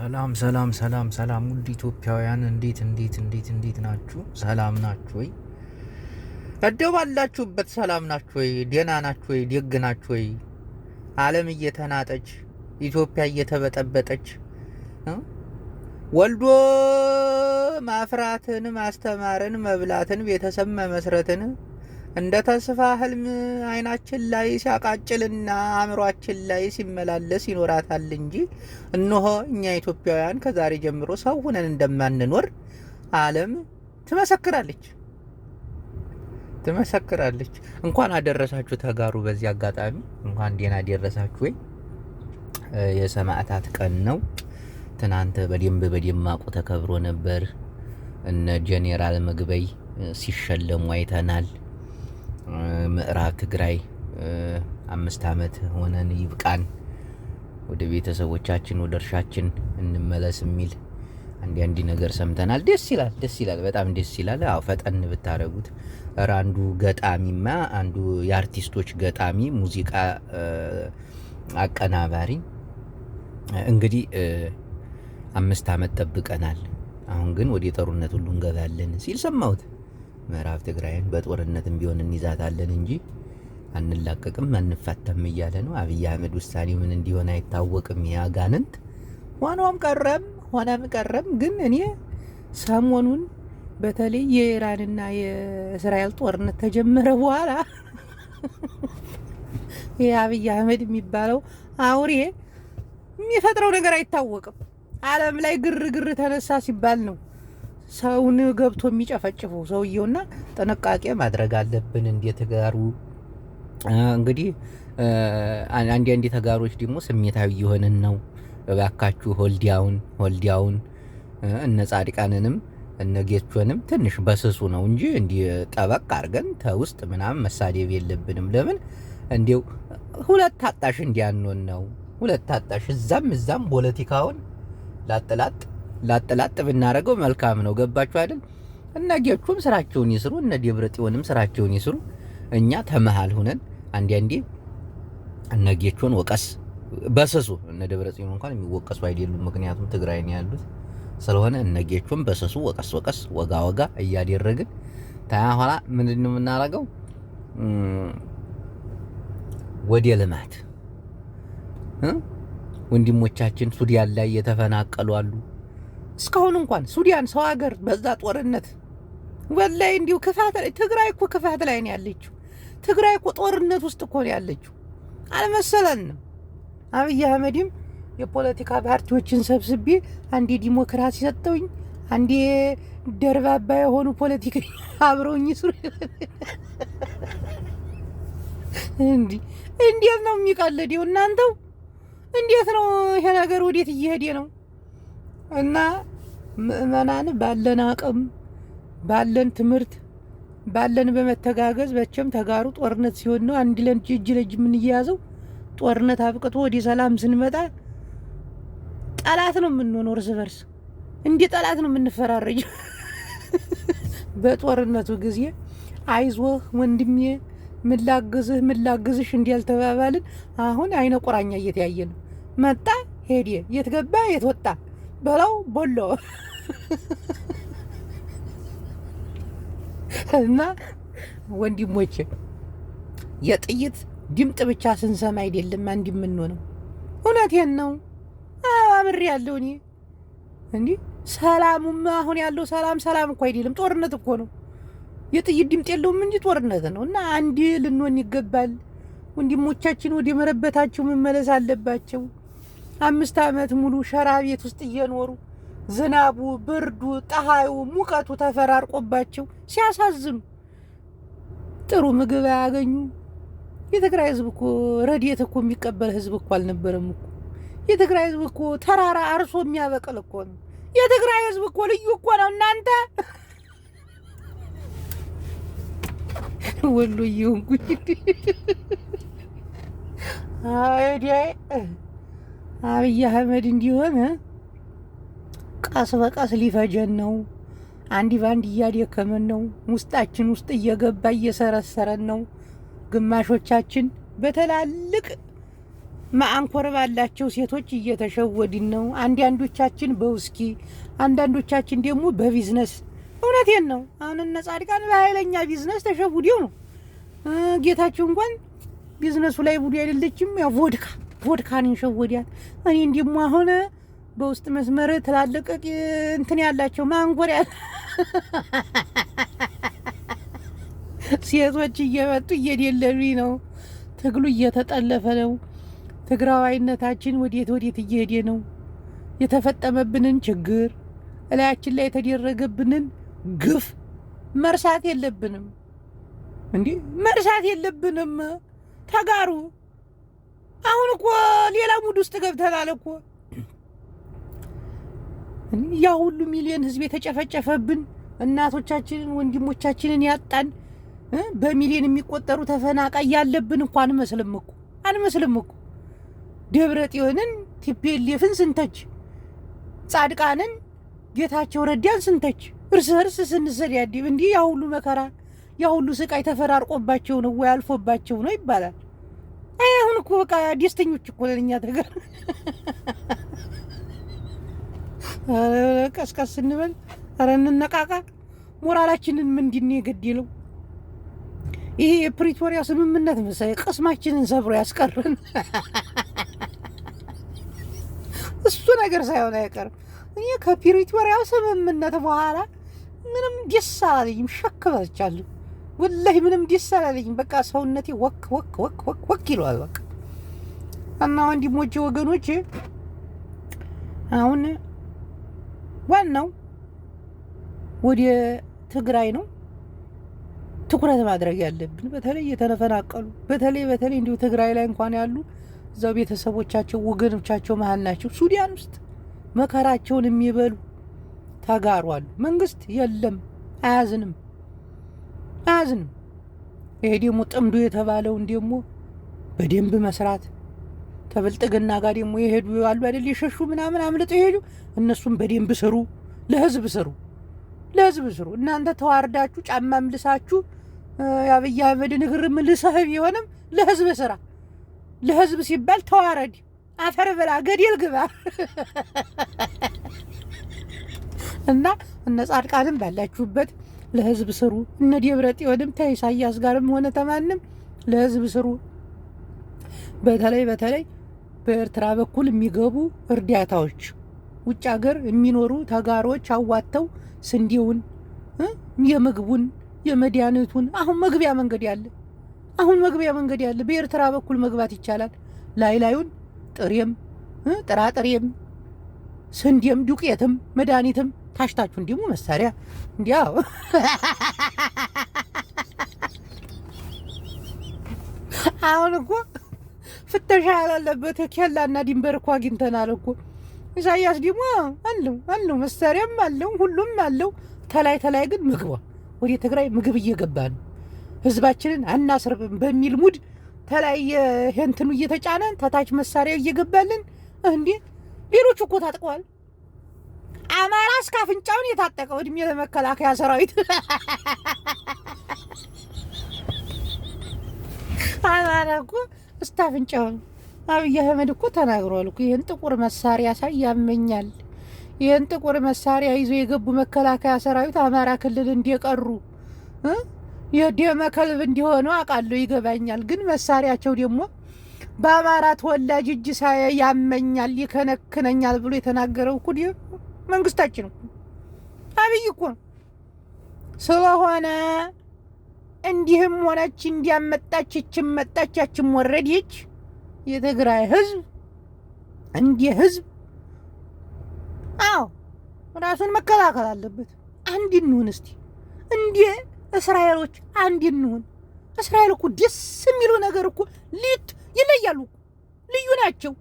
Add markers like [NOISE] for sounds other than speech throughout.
ሰላም ሰላም ሰላም ሰላም ውድ ኢትዮጵያውያን እንዴት እንዴት እንዴት እንዴት ናችሁ? ሰላም ናችሁ ወይ? እደው ባላችሁበት ሰላም ናችሁ ወይ? ደህና ናችሁ ወይ? ደግ ናችሁ ወይ? ዓለም እየተናጠች ኢትዮጵያ እየተበጠበጠች ወልዶ ማፍራትን ማስተማርን መብላትን ቤተሰብ መመስረትን እንደ ተስፋ ህልም አይናችን ላይ ሲያቃጭልና አእምሯችን ላይ ሲመላለስ ይኖራታል እንጂ እነሆ እኛ ኢትዮጵያውያን ከዛሬ ጀምሮ ሰው ሁነን እንደማንኖር ዓለም ትመሰክራለች ትመሰክራለች። እንኳን አደረሳችሁ ተጋሩ። በዚህ አጋጣሚ እንኳን ዴና ደረሳችሁ። ወይ የሰማዕታት ቀን ነው። ትናንተ በደንብ በደማቁ ተከብሮ ነበር። እነ ጄኔራል ምግበይ ሲሸለሙ አይተናል። ምዕራብ ትግራይ አምስት ዓመት ሆነን ይብቃን፣ ወደ ቤተሰቦቻችን ወደ እርሻችን እንመለስ የሚል አንድ አንድ ነገር ሰምተናል። ደስ ይላል፣ ደስ ይላል፣ በጣም ደስ ይላል። አዎ ፈጠን ብታደረጉት ኧረ አንዱ ገጣሚማ አንዱ የአርቲስቶች ገጣሚ ሙዚቃ አቀናባሪ እንግዲህ አምስት ዓመት ጠብቀናል፣ አሁን ግን ወደ ጠሩነት ሁሉ እንገባለን ሲል ሰማሁት። ምዕራብ ትግራይን በጦርነትም ቢሆን እንይዛታለን እንጂ አንላቀቅም፣ አንፋታም እያለ ነው አብይ አህመድ። ውሳኔው ምን እንዲሆን አይታወቅም። ያጋንንት ሆኖም ቀረም ሆነም ቀረም ግን እኔ ሰሞኑን በተለይ የኢራንና የእስራኤል ጦርነት ተጀመረ በኋላ የአብይ [LAUGHS] አህመድ የሚባለው አውሬ የሚፈጥረው ነገር አይታወቅም። ዓለም ላይ ግርግር ተነሳ ሲባል ነው ሰውን ገብቶ የሚጨፈጭፉ ሰውየውና ጥንቃቄ ማድረግ አለብን። እንደ ተጋሩ እንግዲህ አንድ አንድ ተጋሮች ደግሞ ስሜታዊ የሆንን ነው። እባካችሁ ሆልዲያውን ሆልዲያውን እነ ጻድቃንንም እነ ጌቾንም ትንሽ በስሱ ነው እንጂ እንዲህ ጠበቅ አድርገን ተውስጥ ምናምን መሳደብ የለብንም። ለምን እንዲው ሁለት አጣሽ እንዲያኖን ነው። ሁለት አጣሽ እዛም እዛም ፖለቲካውን ላጥላጥ ላጥላጥ ብናደርገው መልካም ነው። ገባችሁ አይደል? እና ጌቹም ስራቸውን ይስሩ፣ እነ ደብረ ጽዮንም ስራቸውን ይስሩ። እኛ ተመሃል ሁነን አንዳንዴ እነ ጌቹን ወቀስ በሰሱ እነ ደብረ ጽዮን እንኳን የሚወቀሱ አይደሉም፣ ምክንያቱም ትግራይ ነው ያሉት ስለሆነ እነ ጌቹን በሰሱ ወቀስ ወቀስ ወጋ ወጋ እያደረግን ታያ ኋላ ምንድን ነው የምናደርገው? ወደ ልማት ወንድሞቻችን ሱዳን ላይ የተፈናቀሉ አሉ። እስካሁን እንኳን ሱዳን ሰው ሀገር በዛ ጦርነት ወላይ እንዲሁ ክፋት ላይ ትግራይ እኮ ክፋት ላይ ነው ያለችው። ትግራይ እኮ ጦርነት ውስጥ እኮ ነው ያለችው። አልመሰለንም። አብይ አህመድም የፖለቲካ ፓርቲዎችን ሰብስቤ አንዴ ዲሞክራሲ ሰጠውኝ፣ አንዴ ደርባባ የሆኑ ፖለቲካ [LAUGHS] አብረውኝ ስሩ። እንዲ እንዴት ነው የሚቀልደው? እናንተው እንዴት ነው ይሄ ነገር ወዴት እየሄደ ነው? እና ምእመናን ባለን አቅም ባለን ትምህርት ባለን በመተጋገዝ በቸም ተጋሩ ጦርነት ሲሆን ነው አንድ ለእጅ እጅ ለእጅ የምንያያዘው። ጦርነት አብቅቶ ወደ ሰላም ስንመጣ ጠላት ነው የምንሆነው። እርስ በርስ እንደ ጠላት ነው የምንፈራረጀው። [LAUGHS] በጦርነቱ ጊዜ አይዞህ ወንድሜ ምላግዝህ ምላግዝሽ ያልተባባልን አሁን አይነ ቁራኛ እየተያየ ነው መጣ ሄዴ የት ገባ የት ወጣ በላው ቦሎ እና ወንድሞች የጥይት ድምጥ ብቻ ስንሰማ አይደለም አንድ የምንሆነው። እውነቴን ነው አምር ያለው እኔ እንዲህ ሰላሙም አሁን ያለው ሰላም ሰላም እኮ አይደለም ጦርነት እኮ ነው። የጥይት ድምጥ የለውም እንጂ ጦርነት ነው። እና አንድ ልንሆን ይገባል። ወንድሞቻችን ወደ መረበታቸው መመለስ አለባቸው። አምስት ዓመት ሙሉ ሸራ ቤት ውስጥ እየኖሩ ዝናቡ፣ ብርዱ፣ ፀሐዩ፣ ሙቀቱ ተፈራርቆባቸው ሲያሳዝኑ ጥሩ ምግብ አያገኙ። የትግራይ ህዝብ እኮ ረድኤት እኮ የሚቀበል ህዝብ እኮ አልነበረም እኮ። የትግራይ ህዝብ እኮ ተራራ አርሶ የሚያበቅል እኮ ነው። የትግራይ ህዝብ እኮ ልዩ እኮ ነው እናንተ ወሎዬ። ጉድ አይ አብይ አህመድ እንዲሆን ቀስ በቀስ ሊፈጀን ነው። አንዲ ባንድ እያደከመን ነው። ውስጣችን ውስጥ እየገባ እየሰረሰረን ነው። ግማሾቻችን በትላልቅ ማአንኮር ባላቸው ሴቶች እየተሸወድን ነው። አንዳንዶቻችን በውስኪ፣ አንዳንዶቻችን ደግሞ በቢዝነስ። እውነቴን ነው። አሁን እነ ጻድቃን በኃይለኛ ቢዝነስ ተሸውደው ነው። ጌታቸው እንኳን ቢዝነሱ ላይ ቡድ አይደለችም ያ ቮድካ ቮድካን ይሸወዳል። እኔ እንዲሞ አሁን በውስጥ መስመር ትላልቅ እንትን ያላቸው ማንጎር ያለ [LAUGHS] ሴቶች እየመጡ እየደለሉኝ ነው። ትግሉ እየተጠለፈ ነው። ትግራዋይነታችን ወዴት ወዴት እየሄደ ነው? የተፈጠመብንን ችግር እላያችን ላይ የተደረገብንን ግፍ መርሳት የለብንም። እንዲህ መርሳት የለብንም። ተጋሩ አሁን እኮ ሌላ ሙድ ውስጥ ገብተናል እኮ ያ ሁሉ ሚሊዮን ህዝብ የተጨፈጨፈብን እናቶቻችንን ወንድሞቻችንን ያጣን በሚሊዮን የሚቆጠሩ ተፈናቃይ ያለብን እኮ አንመስልም እኮ አንመስልም እኮ ደብረ ጽዮንን ቲፒኤልኤፍን ስንተች ጻድቃንን ጌታቸው ረዳን ስንተች እርስ እርስ ስንሰዳደብ እንዲህ ያ ሁሉ መከራ ያ ሁሉ ስቃይ ተፈራርቆባቸው ነው ወይ አልፎባቸው ነው ይባላል። አይ አሁን እኮ በቃ ደስተኞች እኮ ቀስቀስ እንበል፣ ኧረ እንነቃቃ። ሞራላችንን ምንድን ነው የገደለው? ይሄ የፕሪቶሪያ ስምምነት መሰለኝ ቅስማችንን ሰብሮ ያስቀርን። እሱ ነገር ሳይሆን አይቀርም። እኔ ስምምነት በኋላ ምንም ደስ አላለኝም። ሸክ በልቻለሁ። ወላይ ምንም ደስ አላለኝም። በቃ ሰውነቴ ወክ ወክ ወክ ወክ ወክ ይለዋል። በቃ እና ወንድሞቼ ወገኖቼ፣ አሁን ዋናው ወደ ትግራይ ነው ትኩረት ማድረግ ያለብን። በተለይ የተፈናቀሉ በተለይ በተለይ እንዲሁ ትግራይ ላይ እንኳን ያሉ እዛው ቤተሰቦቻቸው ወገኖቻቸው መሀል ናቸው። ሱዳን ውስጥ መከራቸውን የሚበሉ ተጋሯሉ። መንግስት የለም አያዝንም። አያዝንም። ይሄ ደግሞ ጥምዱ የተባለውን ደግሞ በደንብ መስራት ከብልጥግና ጋር ደግሞ የሄዱ አሉ አይደል? የሸሹ ምናምን አምልጦ የሄዱ እነሱም በደንብ ስሩ፣ ለህዝብ ስሩ፣ ለህዝብ ስሩ። እናንተ ተዋርዳችሁ ጫማም ልሳችሁ የአብይ አህመድ ንግር ምልሰህ ቢሆንም ለህዝብ ስራ። ለህዝብ ሲባል ተዋረድ፣ አፈር ብላ፣ ገደል ግባ [LAUGHS] እና እነ ጻድቃንም ባላችሁበት ለህዝብ ስሩ። እነ ደብረ ጽዮንም ከኢሳያስ ጋርም ሆነ ተማንም ለህዝብ ስሩ። በተለይ በተለይ በኤርትራ በኩል የሚገቡ እርዳታዎች ውጭ ሀገር የሚኖሩ ተጋሮች አዋጥተው ስንዴውን፣ የምግቡን፣ የመድኃኒቱን አሁን መግቢያ መንገድ ያለ አሁን መግቢያ መንገድ ያለ በኤርትራ በኩል መግባት ይቻላል። ላይ ላዩን ጥሬም ጥራጥሬም ስንዴም ዱቄትም መድኃኒትም ታሽታችሁ እንዲሙ መሳሪያ እንዲያው አሁን እኮ ፍተሻ ያላለበት ኬላና ድንበር እኮ አግኝተናል እኮ። ኢሳያስ ደግሞ አለው አለው መሳሪያም አለው ሁሉም አለው። ተላይ ተላይ ግን ምግቧ ወደ ትግራይ ምግብ እየገባ ነው። ህዝባችንን አናስርብም በሚል ሙድ ተላይ እንትኑ እየተጫነን ተታች መሳሪያ እየገባልን እንዴ። ሌሎቹ እኮ ታጥቀዋል። አማራ እስከ አፍንጫውን የታጠቀው እድሜ ለመከላከያ ሰራዊት አማራ እኮ እስከ አፍንጫውን አብይ አህመድ እኮ ተናግሯል እኮ ይህን ጥቁር መሳሪያ ሳይ ያመኛል። ይህን ጥቁር መሳሪያ ይዞ የገቡ መከላከያ ሰራዊት አማራ ክልል እንደቀሩ የደመ ከልብ እንዲሆኑ አውቃለሁ፣ ይገባኛል። ግን መሳሪያቸው ደግሞ በአማራ ተወላጅ እጅ ሳይ ያመኛል፣ ይከነክነኛል ብሎ የተናገረው እኮ መንግስታችን እኮ አብይ እኮ ነው። ስለሆነ እንዲህም ሆነች እንዲያመጣች እችም መጣች ያችም ወረደች። የትግራይ ህዝብ እንዲህ ህዝብ አዎ ራሱን መከላከል አለበት። አንድ እንሁን እስቲ እንደ እስራኤሎች አንድ እንሁን። እስራኤል እኮ ደስ የሚሉ ነገር እኮ ሊት ይለያሉ፣ ልዩ ናቸው።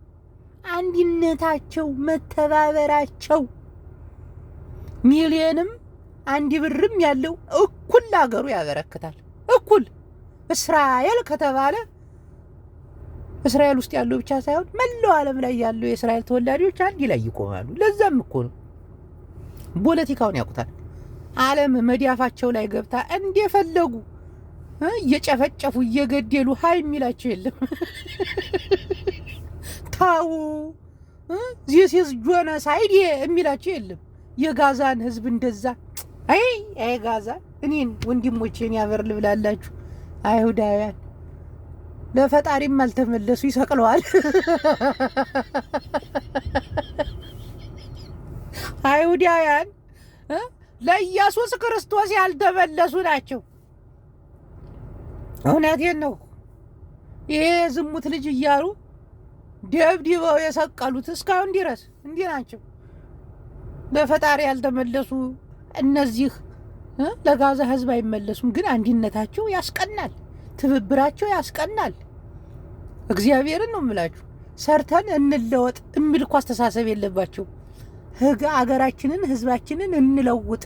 አንድነታቸው መተባበራቸው ሚሊየንም አንድ ብርም ያለው እኩል አገሩ ያበረክታል። እኩል እስራኤል ከተባለ እስራኤል ውስጥ ያለው ብቻ ሳይሆን መላው ዓለም ላይ ያለው የእስራኤል ተወላጆች አንድ ላይ ይቆማሉ። ለዛም እኮ ነው ፖለቲካውን ያውቁታል። ዓለም መዲያፋቸው ላይ ገብታ እንደፈለጉ እየጨፈጨፉ እየገደሉ ሀይ የሚላቸው የለም። ታው ዚስ ኢዝ ጆኖሳይድ የሚላቸው የለም። የጋዛን ህዝብ እንደዛ አይ አይ ጋዛ እኔን ወንድሞቼን ያበር ልብላላችሁ አይሁዳውያን ለፈጣሪም አልተመለሱ ይሰቅለዋል። [LAUGHS] አይሁዳውያን ለኢየሱስ ክርስቶስ ያልተመለሱ ናቸው። እውነቴን ነው። ይሄ የዝሙት ልጅ እያሉ ደብድበው የሰቀሉት እስካሁን ድረስ እንዲህ ናቸው። በፈጣሪ ያልተመለሱ እነዚህ ለጋዛ ህዝብ አይመለሱም። ግን አንድነታቸው ያስቀናል፣ ትብብራቸው ያስቀናል። እግዚአብሔርን ነው የምላችሁ። ሰርተን እንለወጥ የሚል እኮ አስተሳሰብ የለባቸው። ህግ አገራችንን፣ ህዝባችንን እንለውጥ።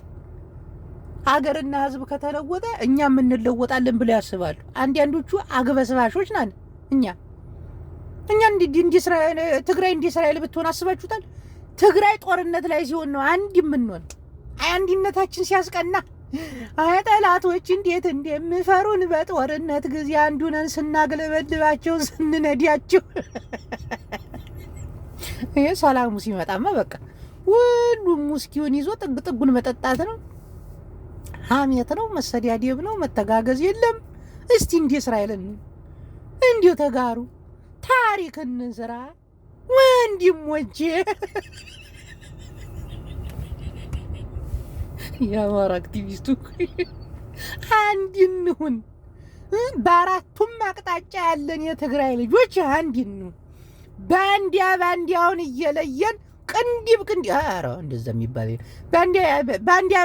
አገርና ህዝብ ከተለወጠ እኛም እንለወጣለን ብለው ያስባሉ። አንዳንዶቹ አግበስባሾች ናን እኛ እኛ ትግራይ እንዲ እስራኤል ብትሆን አስባችሁታል? ትግራይ ጦርነት ላይ ሲሆን ነው አንድ የምንሆን። አንድነታችን ሲያስቀና ጠላቶች እንዴት እንደምፈሩን በጦርነት ጊዜ አንዱነን ስናግለበልባቸው ስንነዲያቸው፣ ይህ ሰላሙ ሲመጣማ በቃ ሁሉም ሙስኪውን ይዞ ጥግ ጥጉን መጠጣት ነው። ሀሜት ነው፣ መሰዳደብ ነው፣ መተጋገዝ የለም። እስቲ እንዲ እስራኤልን እንዲሁ ተጋሩ፣ ታሪክ እንስራ። ወንድሞቼ የአማራ አክቲቪስቱ አንድ እንሁን፣ በአራቱም አቅጣጫ ያለን የትግራይ ልጆች አንድ እንሁን። ባንዲያ ባንዲያውን እየለየን ቅንዲብ ቅንዲብ፣ ኧረ እንደዛ የሚባል ባንዲያ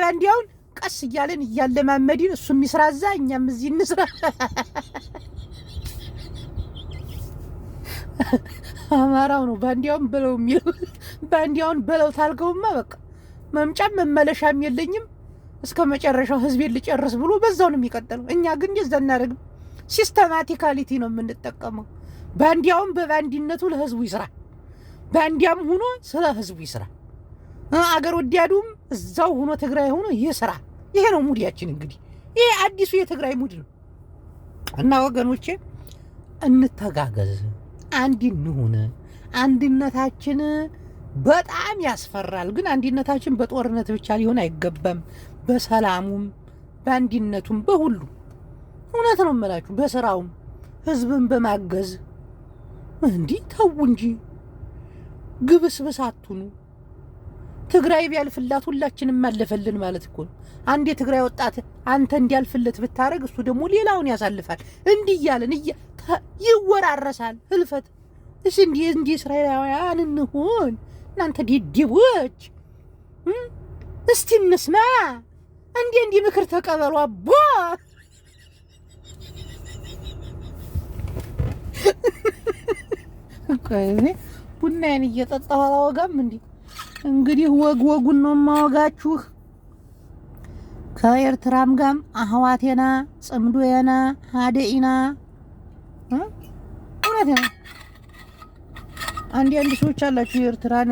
ባንዲያውን ቀስ እያለን እያለማመድን እሱ የሚስራ እዛ እኛም እዚህ እንስራ። አማራው ነው ባንዲያውን በለው የሚለው [LAUGHS] ባንዲያውን በለው ታልገውማ በቃ መምጫም መመለሻም የለኝም። እስከ መጨረሻው ህዝቤን ልጨርስ ብሎ በዛው ነው የሚቀጥለው። እኛ ግን የዛ እናደርግም። ሲስተማቲካሊቲ ነው የምንጠቀመው። ባንዲያውን በባንዲነቱ ለህዝቡ ይስራ፣ ባንዲያም ሆኖ ስለ ህዝቡ ይስራ። አገር ወዲያዱም እዛው ሆኖ ትግራይ ሆኖ ይስራ። ይሄ ነው ሙዲያችን። እንግዲህ ይሄ አዲሱ የትግራይ ሙድ ነው እና ወገኖቼ እንተጋገዝ። አንድ እንሁን። አንድነታችን በጣም ያስፈራል። ግን አንድነታችን በጦርነት ብቻ ሊሆን አይገባም። በሰላሙም፣ በአንድነቱም፣ በሁሉ እውነት ነው የምላችሁ። በስራውም ህዝብን በማገዝ እንዲህ ተዉ እንጂ ግብስብስ አትኑ። ትግራይ ቢያልፍላት ሁላችንም አለፈልን ማለት እኮ ነው። አንድ የትግራይ ወጣት አንተ እንዲያልፍለት ብታደረግ እሱ ደግሞ ሌላውን ያሳልፋል። እንዲህ እያለን ይወራረሳል ህልፈት። እስ እንዲ እንዲ እስራኤላውያን እንሆን እናንተ ዲዲቦች እስቲ እንስማ። እንዲ እንዲ ምክር ተቀበሉ አቦ [LAUGHS] ቡናዬን እየጠጣሁ አላወጋም እንዲህ እንግዲህ ወግ ወጉን ነው የማወጋችሁ። ከኤርትራም ጋም አህዋቴና ጽምዶየና ሀደኢና እውነት ነው። አንድ አንድ ሰዎች አላችሁ የኤርትራን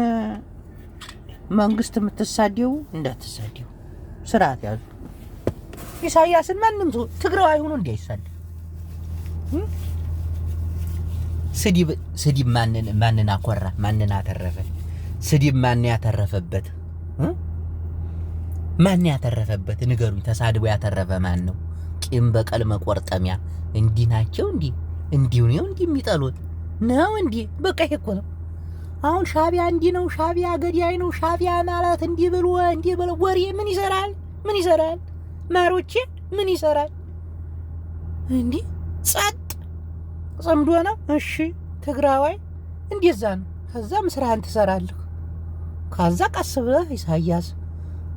መንግስት የምትሳደቡ እንዳትሳደቡ፣ ስርዓት ያዙ። ኢሳያስን ማንም ሰው ትግራዋይ ሆኖ እንዳይሳደብ ስድብ ስድብ ማንን ማንን አኮራ? ማንን አተረፈ? ስድብ ማን ያተረፈበት? ማን ያተረፈበት ንገሩኝ። ተሳድቦ ያተረፈ ማን ነው? ቂም በቀል መቆርጠሚያ እንዲህ ናቸው። እንዲህ እንዲሁ ነው እንዲህ የሚጠሉት ነው። እንዲህ በቃ ይሄ እኮ ነው። አሁን ሻቢያ እንዲህ ነው፣ ሻቢያ ገዳይ ነው፣ ሻቢያ ማለት እንዲህ ብሎ እንዲህ ብሎ ወሬ ምን ይሰራል? ምን ይሰራል? ማሮቼ ምን ይሰራል? እንዲህ ጸጥ ጽምዶ ነው። እሺ ትግራዋይ እንደዛ ነው። ከዛ ስራህን ትሰራለህ። ከዛ ቀስ ብለህ ኢሳያስ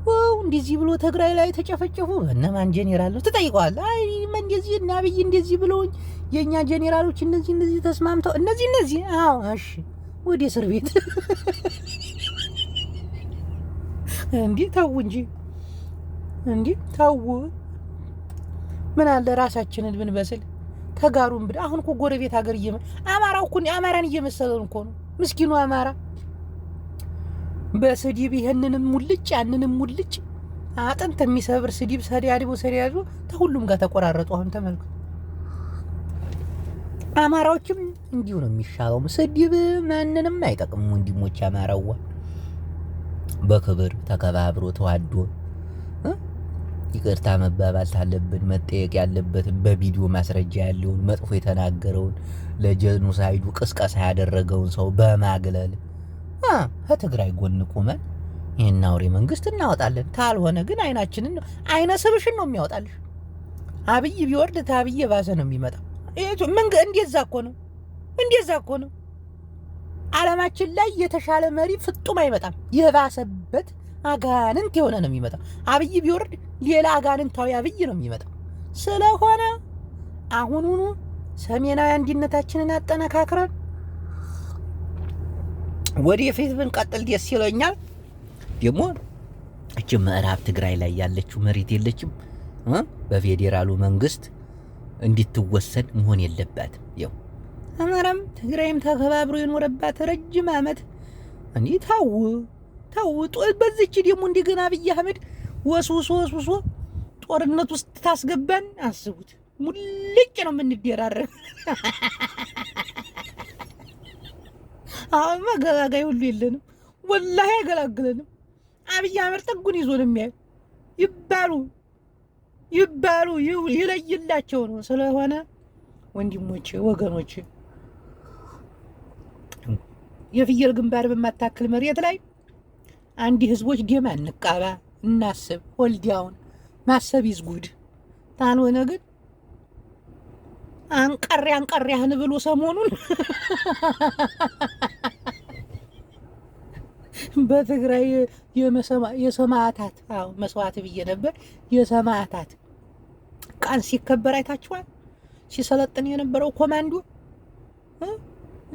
ወው እንደዚህ ብሎ ትግራይ ላይ ተጨፈጨፉ ጄኔራል ነው ትጠይቀዋለህ። አይ እንደዚህ እና አብይ እንደዚህ ብሎ የእኛ ጄኔራሎች እነዚህ እነዚህ ተስማምተው እነዚህ እነዚህ አዎ፣ እሺ ወደ እስር ቤት [LAUGHS] እንዲህ ታው እንጂ እንዲህ ታው ምን አለ ራሳችንን ብንበስል ተጋሩን ብን አሁን እኮ ጎረቤት ሀገር እየመ አማራው እኮ አማራን እየመሰለን እኮ ነው ምስኪኑ አማራ በስድብ ይህንንም ሙልጭ ያንንም ሙልጭ አጥንት የሚሰብር ስድብ ሰዲያድቦ ሰዲያድቦ ተሁሉም ጋር ተቆራረጡ። አሁን ተመልከቱ፣ አማራዎችም እንዲሁ ነው የሚሻለው። ስድብ ማንንም አይጠቅም። ወንድሞች አማራዋ በክብር ተከባብሮ ተዋዶ ይቅርታ መባባል አለብን። መጠየቅ ያለበትን በቪዲዮ ማስረጃ ያለውን መጥፎ የተናገረውን ለጀኖሳይዱ ቅስቀሳ ያደረገውን ሰው በማግለል ከትግራይ ጎን ቁመን ይህን አውሬ መንግስት እናወጣለን፣ ካልሆነ ግን አይናችንን አይነ ስብሽን ነው የሚያወጣልሽ። አብይ ቢወርድ ታብይ የባሰ ነው የሚመጣው። እንደዛ እኮ ነው፣ እንደዛ እኮ ነው። አለማችን ላይ የተሻለ መሪ ፍጡም አይመጣም። የባሰበት አጋንንት የሆነ ነው የሚመጣው። አብይ ቢወርድ ሌላ አጋንንታዊ አብይ ነው የሚመጣው። ስለሆነ አሁኑኑ ሰሜናዊ አንድነታችንን አጠነካክረን ወደፊት ብንቀጥል ደስ ይለኛል። ደግሞ እች ምዕራብ ትግራይ ላይ ያለችው መሬት የለችም በፌዴራሉ መንግስት እንድትወሰድ መሆን የለባትም። ያው አማራም ትግራይም ተከባብሮ የኖረባት ረጅም ዓመት እንዲህ ታው ታው በዚች ደግሞ እንደገና አብይ አህመድ ወስውሶ ወስውሶ ጦርነት ውስጥ ታስገባን። አስቡት፣ ሙልጭ ነው የምንደራረግ። [LAUGHS] አገላጋይ ሁሉ የለንም። ወላሂ አይገላግለንም። አብይ አህመድ ጥጉን ይዞ ነው የሚያዩ። ይባሉ ይባሉ ይለይላቸው ነው። ስለሆነ ወንድሞቼ፣ ወገኖቼ የፍየል ግንባር በማታክል መሬት ላይ አንድ ህዝቦች ደም አንቃባ፣ እናስብ። ወልዲያውን ማሰብ ይዝጉድ። ታልሆነ ግን አንቀሪ አንቀሪያህን ብሎ ሰሞኑን በትግራይ የሰማዕታት መስዋዕት ብዬ ነበር። የሰማዕታት ቀን ሲከበር አይታችኋል። ሲሰለጥን የነበረው ኮማንዶ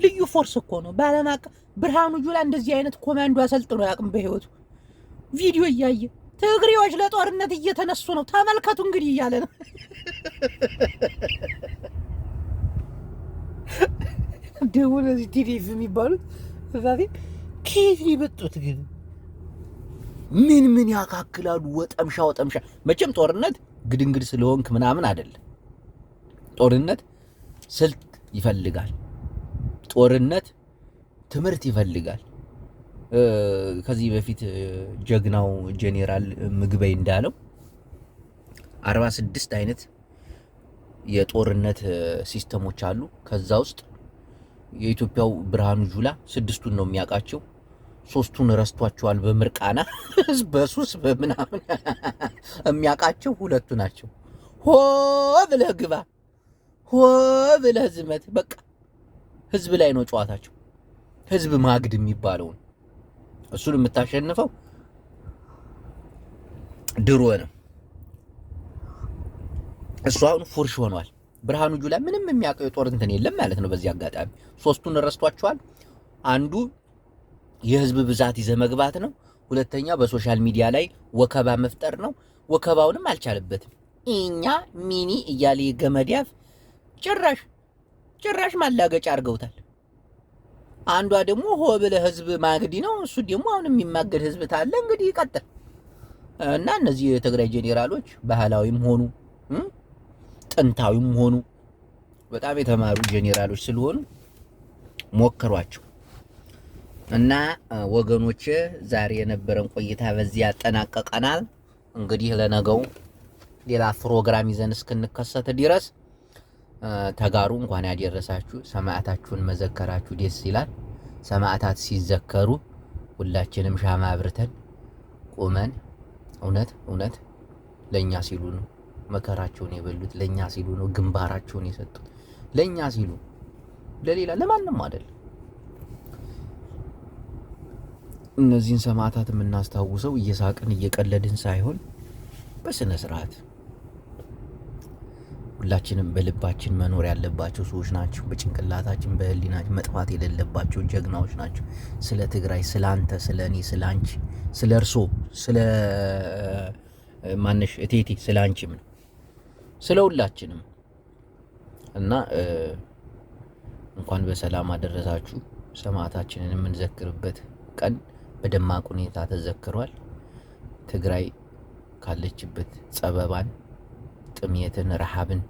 ልዩ ፎርስ እኮ ነው። በዓለም አቀፍ ብርሃኑ ጁላ እንደዚህ አይነት ኮማንዶ አሰልጥኖ ያቅም በህይወቱ ቪዲዮ እያየ ትግሬዎች ለጦርነት እየተነሱ ነው ተመልከቱ እንግዲህ እያለ ነው። ደግሞ እነዚህ ቲዴፍ የሚባሉት እዛዜ ከየት የመጡት ግን? ምን ምን ያካክላሉ? ወጠምሻ ወጠምሻ። መቼም ጦርነት ግድንግድ ስለሆንክ ምናምን አይደለም። ጦርነት ስልት ይፈልጋል። ጦርነት ትምህርት ይፈልጋል። ከዚህ በፊት ጀግናው ጄኔራል ምግበይ እንዳለው አርባ ስድስት አይነት የጦርነት ሲስተሞች አሉ። ከዛ ውስጥ የኢትዮጵያው ብርሃኑ ጁላ ስድስቱን ነው የሚያውቃቸው። ሶስቱን ረስቷቸዋል። በምርቃና [LAUGHS] በሱስ በምናምን [LAUGHS] የሚያውቃቸው ሁለቱ ናቸው። ሆ ብለህ ግባ፣ ሆ ብለህ ዝመት። በቃ ህዝብ ላይ ነው ጨዋታቸው። ህዝብ ማግድ የሚባለውን እሱን የምታሸንፈው ድሮ ነው። እሱ አሁን ፉርሽ ሆኗል። ብርሃኑ ጁላ ምንም የሚያውቀው የጦር እንትን የለም ማለት ነው። በዚህ አጋጣሚ ሶስቱን ረስቷቸዋል። አንዱ የህዝብ ብዛት ይዘ መግባት ነው። ሁለተኛ በሶሻል ሚዲያ ላይ ወከባ መፍጠር ነው። ወከባውንም አልቻለበትም። እኛ ሚኒ እያለ ገመዲያፍ ጭራሽ ጭራሽ ማላገጫ አድርገውታል። አንዷ ደግሞ ሆ ብለ ህዝብ ማግዲ ነው። እሱ ደግሞ አሁን የሚማገድ ህዝብ ታለ እንግዲህ ይቀጥል እና እነዚህ የትግራይ ጄኔራሎች ባህላዊም ሆኑ ጥንታዊም ሆኑ በጣም የተማሩ ጄኔራሎች ስለሆኑ ሞክሯቸው እና ወገኖች ዛሬ የነበረን ቆይታ በዚህ ያጠናቀቀናል። እንግዲህ ለነገው ሌላ ፕሮግራም ይዘን እስክንከሰት ድረስ ተጋሩ እንኳን ያደረሳችሁ። ሰማዕታችሁን መዘከራችሁ ደስ ይላል። ሰማዕታት ሲዘከሩ ሁላችንም ሻማ አብርተን ቁመን እውነት እውነት ለእኛ ሲሉ ነው መከራቸውን የበሉት ለእኛ ሲሉ ነው። ግንባራቸውን የሰጡት ለእኛ ሲሉ፣ ለሌላ ለማንም አይደል። እነዚህን ሰማዕታት የምናስታውሰው እየሳቅን እየቀለድን ሳይሆን በስነ ስርዓት ሁላችንም በልባችን መኖር ያለባቸው ሰዎች ናቸው። በጭንቅላታችን በህሊናችን መጥፋት የሌለባቸው ጀግናዎች ናቸው። ስለ ትግራይ፣ ስለ አንተ፣ ስለ እኔ፣ ስለ አንቺ፣ ስለ እርሶ፣ ስለ ማነሽ እቴቴ፣ ስለ አንቺም ነው ስለ ሁላችንም እና እንኳን በሰላም አደረሳችሁ። ሰማዕታችንን የምንዘክርበት ቀን በደማቅ ሁኔታ ተዘክሯል። ትግራይ ካለችበት ጸበባን፣ ጥምየትን፣ ረሃብን፣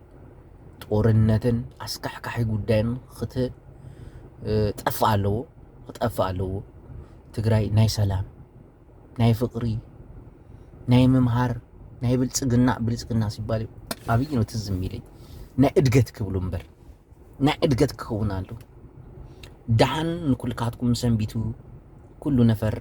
ጦርነትን አስካሕካሒ ጉዳይን ክትጠፍእ ኣለዎ ክጠፍእ ኣለዎ። ትግራይ ናይ ሰላም ናይ ፍቅሪ ናይ ምምሃር ናይ ብልፅግና ብልፅግና ሲባል እዩ አብይ ነው ትዝ የሚለኝ ናይ እድገት ክብሉ እምበር ናይ እድገት ክኸውን ኣሎ ድሓን ንኩልካትኩም ሰንቢቱ ኩሉ ነፈር